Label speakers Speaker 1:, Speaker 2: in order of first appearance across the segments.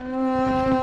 Speaker 1: Música ah.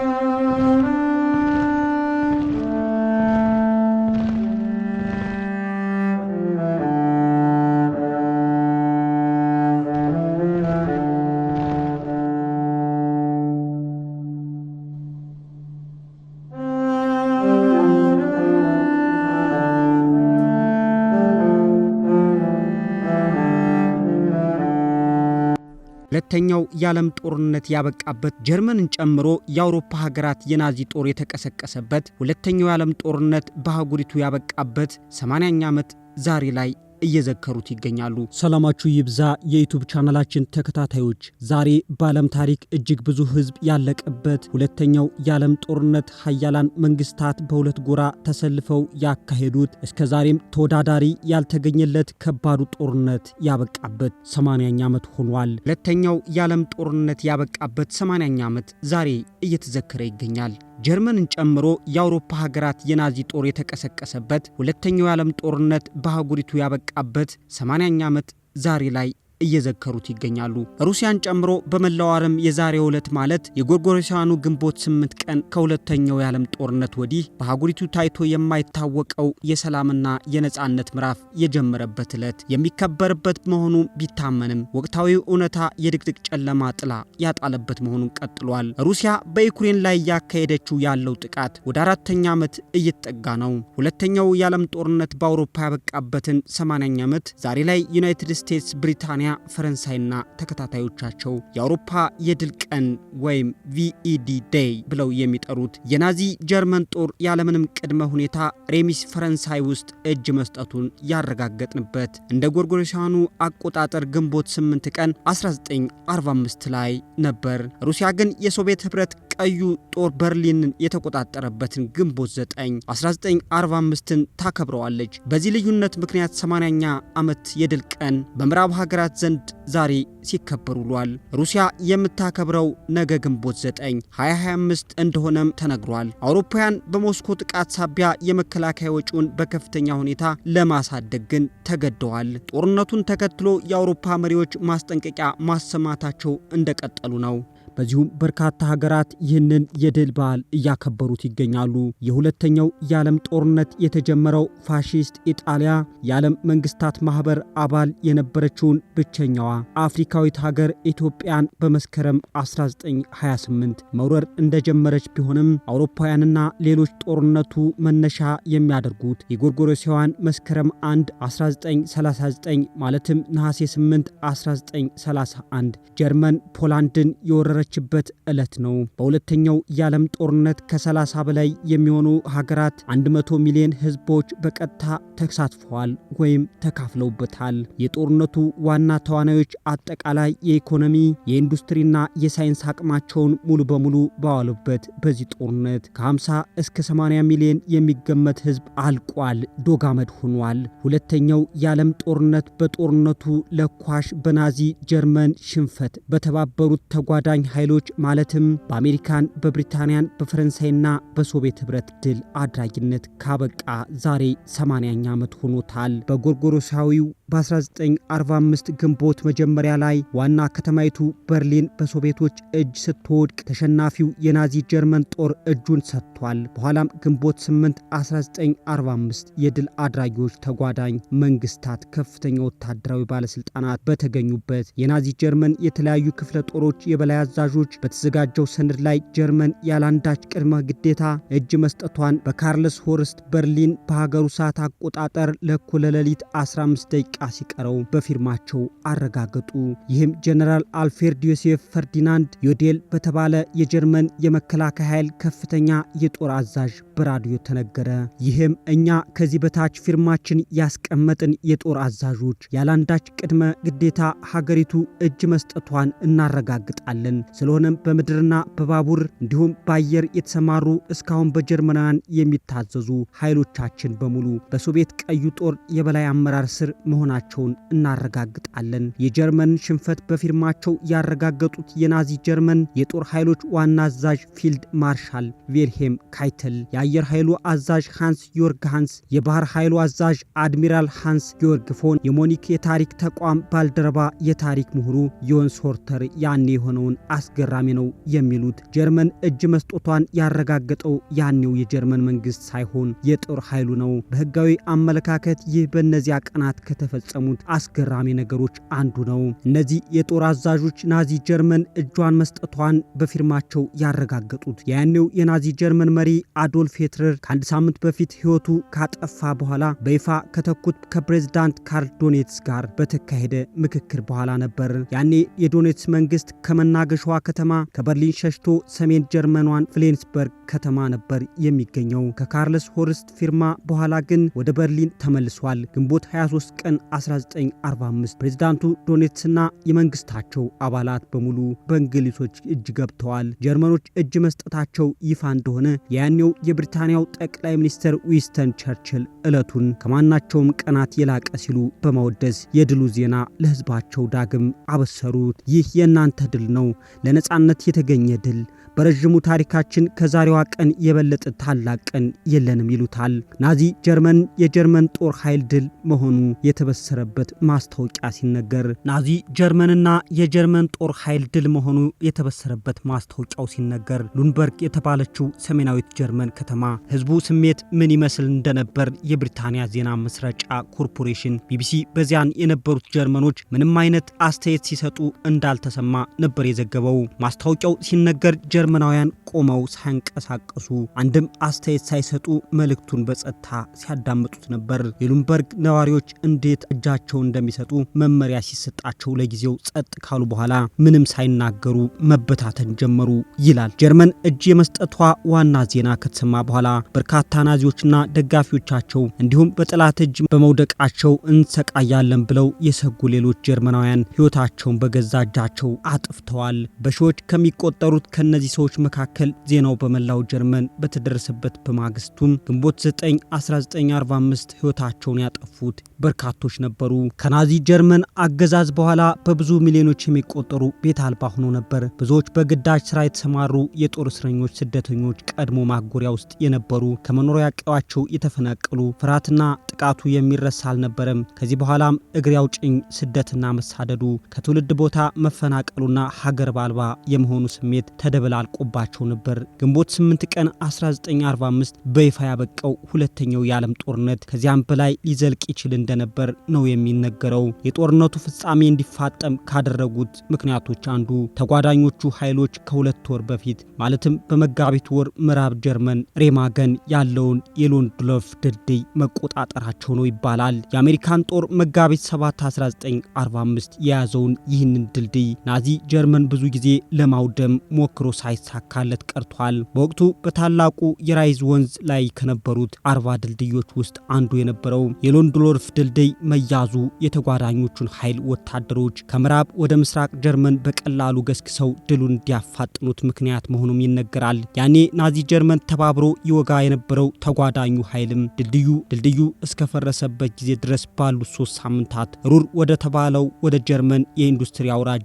Speaker 1: ሁለተኛው የዓለም ጦርነት ያበቃበት ጀርመንን ጨምሮ የአውሮፓ ሀገራት የናዚ ጦር የተቀሰቀሰበት ሁለተኛው የዓለም ጦርነት በአህጉሪቱ ያበቃበት 80ኛ ዓመት ዛሬ ላይ እየዘከሩት ይገኛሉ።
Speaker 2: ሰላማችሁ ይብዛ የዩቱብ ቻናላችን ተከታታዮች፣ ዛሬ በዓለም ታሪክ እጅግ ብዙ ህዝብ ያለቀበት ሁለተኛው የዓለም ጦርነት ሀያላን መንግስታት በሁለት ጎራ ተሰልፈው ያካሄዱት እስከዛሬም ተወዳዳሪ ያልተገኘለት ከባዱ ጦርነት ያበቃበት 80ኛ ዓመት ሆኗል። ሁለተኛው የዓለም ጦርነት ያበቃበት 80ኛ ዓመት ዛሬ እየተዘከረ ይገኛል። ጀርመንን ጨምሮ የአውሮፓ ሀገራት የናዚ ጦር የተቀሰቀሰበት ሁለተኛው የዓለም ጦርነት በአህጉሪቱ ያበቃ ያበቃበት 80ኛ ዓመት ዛሬ ላይ እየዘከሩት ይገኛሉ። ሩሲያን ጨምሮ በመላው ዓለም የዛሬው ዕለት ማለት የጎርጎሮሳውያኑ ግንቦት ስምንት ቀን ከሁለተኛው የዓለም ጦርነት ወዲህ በአህጉሪቱ ታይቶ የማይታወቀው የሰላምና የነፃነት ምዕራፍ የጀመረበት ዕለት የሚከበርበት መሆኑ ቢታመንም ወቅታዊው እውነታ የድቅድቅ ጨለማ ጥላ ያጣለበት መሆኑን ቀጥሏል። ሩሲያ በዩክሬን ላይ እያካሄደችው ያለው ጥቃት ወደ አራተኛ ዓመት እየተጠጋ ነው። ሁለተኛው የዓለም ጦርነት በአውሮፓ ያበቃበትን 8 ኛ ዓመት ዛሬ ላይ ዩናይትድ ስቴትስ ብሪታንያ ብሪታንያ፣ ፈረንሳይና ተከታታዮቻቸው የአውሮፓ የድል ቀን ወይም ቪኢዲ ዴይ ብለው የሚጠሩት የናዚ ጀርመን ጦር ያለምንም ቅድመ ሁኔታ ሬሚስ ፈረንሳይ ውስጥ እጅ መስጠቱን ያረጋገጥንበት እንደ ጎርጎሮሳውያኑ አቆጣጠር ግንቦት 8 ቀን 1945 ላይ ነበር። ሩሲያ ግን የሶቪየት ህብረት ቀዩ ጦር በርሊንን የተቆጣጠረበትን ግንቦት 9 1945ን ታከብረዋለች። በዚህ ልዩነት ምክንያት 80ኛ ዓመት የድል ቀን በምዕራብ ሀገራት ዘንድ ዛሬ ሲከበር ውሏል። ሩሲያ የምታከብረው ነገ ግንቦት 9 2025 እንደሆነም ተነግሯል። አውሮፓውያን በሞስኮ ጥቃት ሳቢያ የመከላከያ ወጪውን በከፍተኛ ሁኔታ ለማሳደግ ግን ተገደዋል። ጦርነቱን ተከትሎ የአውሮፓ መሪዎች ማስጠንቀቂያ ማሰማታቸው እንደቀጠሉ ነው። በዚሁም በርካታ ሀገራት ይህንን የድል በዓል እያከበሩት ይገኛሉ። የሁለተኛው የዓለም ጦርነት የተጀመረው ፋሺስት ኢጣሊያ የዓለም መንግስታት ማኅበር አባል የነበረችውን ብቸኛዋ አፍሪካዊት ሀገር ኢትዮጵያን በመስከረም 1928 መውረር እንደጀመረች ቢሆንም አውሮፓውያንና ሌሎች ጦርነቱ መነሻ የሚያደርጉት የጎርጎሮሲያዋን መስከረም 1 1939 ማለትም ነሐሴ 8 1931 ጀርመን ፖላንድን የወረረ የጀመረችበት ዕለት ነው። በሁለተኛው የዓለም ጦርነት ከ30 በላይ የሚሆኑ ሀገራት 100 ሚሊዮን ህዝቦች በቀጥታ ተሳትፈዋል ወይም ተካፍለውበታል። የጦርነቱ ዋና ተዋናዮች አጠቃላይ የኢኮኖሚ የኢንዱስትሪና የሳይንስ አቅማቸውን ሙሉ በሙሉ ባዋሉበት በዚህ ጦርነት ከ50 እስከ 80 ሚሊዮን የሚገመት ህዝብ አልቋል፣ ዶጋመድ አመድ ሆኗል። ሁለተኛው የዓለም ጦርነት በጦርነቱ ለኳሽ በናዚ ጀርመን ሽንፈት በተባበሩት ተጓዳኝ ኃይሎች ማለትም በአሜሪካን፣ በብሪታንያን፣ በፈረንሳይና በሶቪየት ህብረት ድል አድራጊነት ካበቃ ዛሬ 80ኛ ዓመት ሆኖታል። በጎርጎሮሳዊው በ1945 ግንቦት መጀመሪያ ላይ ዋና ከተማይቱ በርሊን በሶቪየቶች እጅ ስትወድቅ ተሸናፊው የናዚ ጀርመን ጦር እጁን ሰጥቷል። በኋላም ግንቦት 8 1945 የድል አድራጊዎች ተጓዳኝ መንግስታት ከፍተኛ ወታደራዊ ባለስልጣናት በተገኙበት የናዚ ጀርመን የተለያዩ ክፍለ ጦሮች የበላይ አዛ አዛዦች በተዘጋጀው ሰነድ ላይ ጀርመን ያላንዳች ቅድመ ግዴታ እጅ መስጠቷን በካርልስ ሆርስት በርሊን በሀገሩ ሰዓት አቆጣጠር ለእኩለ ሌሊት 15 ደቂቃ ሲቀረው በፊርማቸው አረጋገጡ። ይህም ጀነራል አልፍሬድ ዮሴፍ ፈርዲናንድ ዮዴል በተባለ የጀርመን የመከላከያ ኃይል ከፍተኛ የጦር አዛዥ በራዲዮ ተነገረ። ይህም እኛ ከዚህ በታች ፊርማችን ያስቀመጥን የጦር አዛዦች ያላንዳች ቅድመ ግዴታ ሀገሪቱ እጅ መስጠቷን እናረጋግጣለን። ስለሆነም በምድርና በባቡር እንዲሁም በአየር የተሰማሩ እስካሁን በጀርመናውያን የሚታዘዙ ኃይሎቻችን በሙሉ በሶቪየት ቀዩ ጦር የበላይ አመራር ስር መሆናቸውን እናረጋግጣለን። የጀርመን ሽንፈት በፊርማቸው ያረጋገጡት የናዚ ጀርመን የጦር ኃይሎች ዋና አዛዥ ፊልድ ማርሻል ቬልሄም ካይተል፣ የአየር ኃይሉ አዛዥ ሃንስ ዮርግ ሃንስ፣ የባህር ኃይሉ አዛዥ አድሚራል ሃንስ ጊዮርግ ፎን፣ የሞኒክ የታሪክ ተቋም ባልደረባ የታሪክ ምሁሩ ዮንስ ሆርተር ያኔ የሆነውን አስገራሚ ነው የሚሉት ጀርመን እጅ መስጠቷን ያረጋገጠው ያኔው የጀርመን መንግስት ሳይሆን የጦር ኃይሉ ነው። በህጋዊ አመለካከት ይህ በእነዚያ ቀናት ከተፈጸሙት አስገራሚ ነገሮች አንዱ ነው። እነዚህ የጦር አዛዦች ናዚ ጀርመን እጇን መስጠቷን በፊርማቸው ያረጋገጡት ያኔው የናዚ ጀርመን መሪ አዶልፍ ሂትለር ከአንድ ሳምንት በፊት ህይወቱ ካጠፋ በኋላ በይፋ ከተኩት ከፕሬዝዳንት ካርል ዶኔትስ ጋር በተካሄደ ምክክር በኋላ ነበር። ያኔ የዶኔትስ መንግስት ከመናገሿ ከተማ ከበርሊን ሸሽቶ ሰሜን ጀርመኗን ፍሌንስበርግ ከተማ ነበር የሚገኘው። ከካርልስ ሆርስት ፊርማ በኋላ ግን ወደ በርሊን ተመልሷል። ግንቦት 23 ቀን 1945 ፕሬዝዳንቱ ዶኔትስና የመንግስታቸው አባላት በሙሉ በእንግሊዞች እጅ ገብተዋል። ጀርመኖች እጅ መስጠታቸው ይፋ እንደሆነ የያኔው የብሪታንያው ጠቅላይ ሚኒስትር ዊንስተን ቸርችል ዕለቱን ከማናቸውም ቀናት የላቀ ሲሉ በማወደስ የድሉ ዜና ለህዝባቸው ዳግም አበሰሩት። ይህ የእናንተ ድል ነው፣ ለነፃነት የተገኘ ድል በረዥሙ ታሪካችን ከዛሬዋ ቀን የበለጠ ታላቅ ቀን የለንም ይሉታል። ናዚ ጀርመን የጀርመን ጦር ኃይል ድል መሆኑ የተበሰረበት ማስታወቂያ ሲነገር ናዚ ጀርመንና የጀርመን ጦር ኃይል ድል መሆኑ የተበሰረበት ማስታወቂያው ሲነገር ሉንበርግ የተባለችው ሰሜናዊት ጀርመን ከተማ ህዝቡ ስሜት ምን ይመስል እንደነበር የብሪታንያ ዜና መስረጫ ኮርፖሬሽን ቢቢሲ በዚያን የነበሩት ጀርመኖች ምንም አይነት አስተያየት ሲሰጡ እንዳልተሰማ ነበር የዘገበው። ማስታወቂያው ሲነገር ጀርመናውያን ቆመው ሳይንቀሳቀሱ አንድም አስተያየት ሳይሰጡ መልእክቱን በጸጥታ ሲያዳምጡት ነበር። የሉምበርግ ነዋሪዎች እንዴት እጃቸውን እንደሚሰጡ መመሪያ ሲሰጣቸው ለጊዜው ጸጥ ካሉ በኋላ ምንም ሳይናገሩ መበታተን ጀመሩ ይላል። ጀርመን እጅ የመስጠቷ ዋና ዜና ከተሰማ በኋላ በርካታ ናዚዎችና ደጋፊዎቻቸው እንዲሁም በጠላት እጅ በመውደቃቸው እንሰቃያለን ብለው የሰጉ ሌሎች ጀርመናውያን ሕይወታቸውን በገዛ እጃቸው አጥፍተዋል። በሺዎች ከሚቆጠሩት ከነዚህ ሰዎች መካከል ዜናው በመላው ጀርመን በተደረሰበት በማግስቱም ግንቦት 9 1945 ሕይወታቸውን ያጠፉት በርካቶች ነበሩ። ከናዚ ጀርመን አገዛዝ በኋላ በብዙ ሚሊዮኖች የሚቆጠሩ ቤት አልባ ሆኖ ነበር። ብዙዎች በግዳጅ ስራ የተሰማሩ የጦር እስረኞች፣ ስደተኞች፣ ቀድሞ ማጎሪያ ውስጥ የነበሩ ከመኖሪያ ቀያቸው የተፈናቀሉ ፍርሃትና ጥቃቱ የሚረሳ አልነበረም። ከዚህ በኋላም እግር ያውጭኝ ስደትና መሳደዱ ከትውልድ ቦታ መፈናቀሉና ሀገር ባልባ የመሆኑ ስሜት ተደብላል አልቆባቸው ነበር። ግንቦት 8 ቀን 1945 በይፋ ያበቃው ሁለተኛው የዓለም ጦርነት ከዚያም በላይ ሊዘልቅ ይችል እንደነበር ነው የሚነገረው። የጦርነቱ ፍጻሜ እንዲፋጠም ካደረጉት ምክንያቶች አንዱ ተጓዳኞቹ ኃይሎች ከሁለት ወር በፊት ማለትም በመጋቢት ወር ምዕራብ ጀርመን ሬማገን ያለውን የሎንድሎፍ ድልድይ መቆጣጠራቸው ነው ይባላል። የአሜሪካን ጦር መጋቢት 7 1945 የያዘውን ይህንን ድልድይ ናዚ ጀርመን ብዙ ጊዜ ለማውደም ሞክሮ ሳይ ሳይሳካለት ቀርቷል። በወቅቱ በታላቁ የራይዝ ወንዝ ላይ ከነበሩት አርባ ድልድዮች ውስጥ አንዱ የነበረው የሎንድሎርፍ ድልድይ መያዙ የተጓዳኞቹን ኃይል ወታደሮች ከምዕራብ ወደ ምስራቅ ጀርመን በቀላሉ ገስግሰው ድሉን እንዲያፋጥኑት ምክንያት መሆኑም ይነገራል። ያኔ ናዚ ጀርመን ተባብሮ ይወጋ የነበረው ተጓዳኙ ኃይልም ድልድዩ ድልድዩ እስከፈረሰበት ጊዜ ድረስ ባሉት ሶስት ሳምንታት ሩር ወደ ተባለው ወደ ጀርመን የኢንዱስትሪ አውራጃ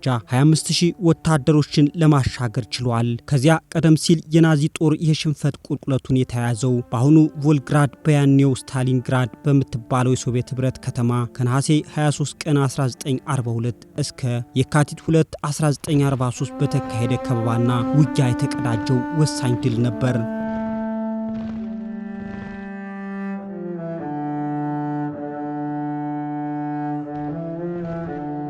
Speaker 2: ሺህ ወታደሮችን ለማሻገር ችሏል። ከዚያ ቀደም ሲል የናዚ ጦር የሽንፈት ቁልቁለቱን የተያያዘው በአሁኑ ቮልግራድ በያኔው ስታሊንግራድ በምትባለው የሶቪየት ህብረት ከተማ ከነሐሴ 23 ቀን 1942 እስከ የካቲት 2 1943 በተካሄደ ከበባና ውጊያ የተቀዳጀው ወሳኝ ድል ነበር።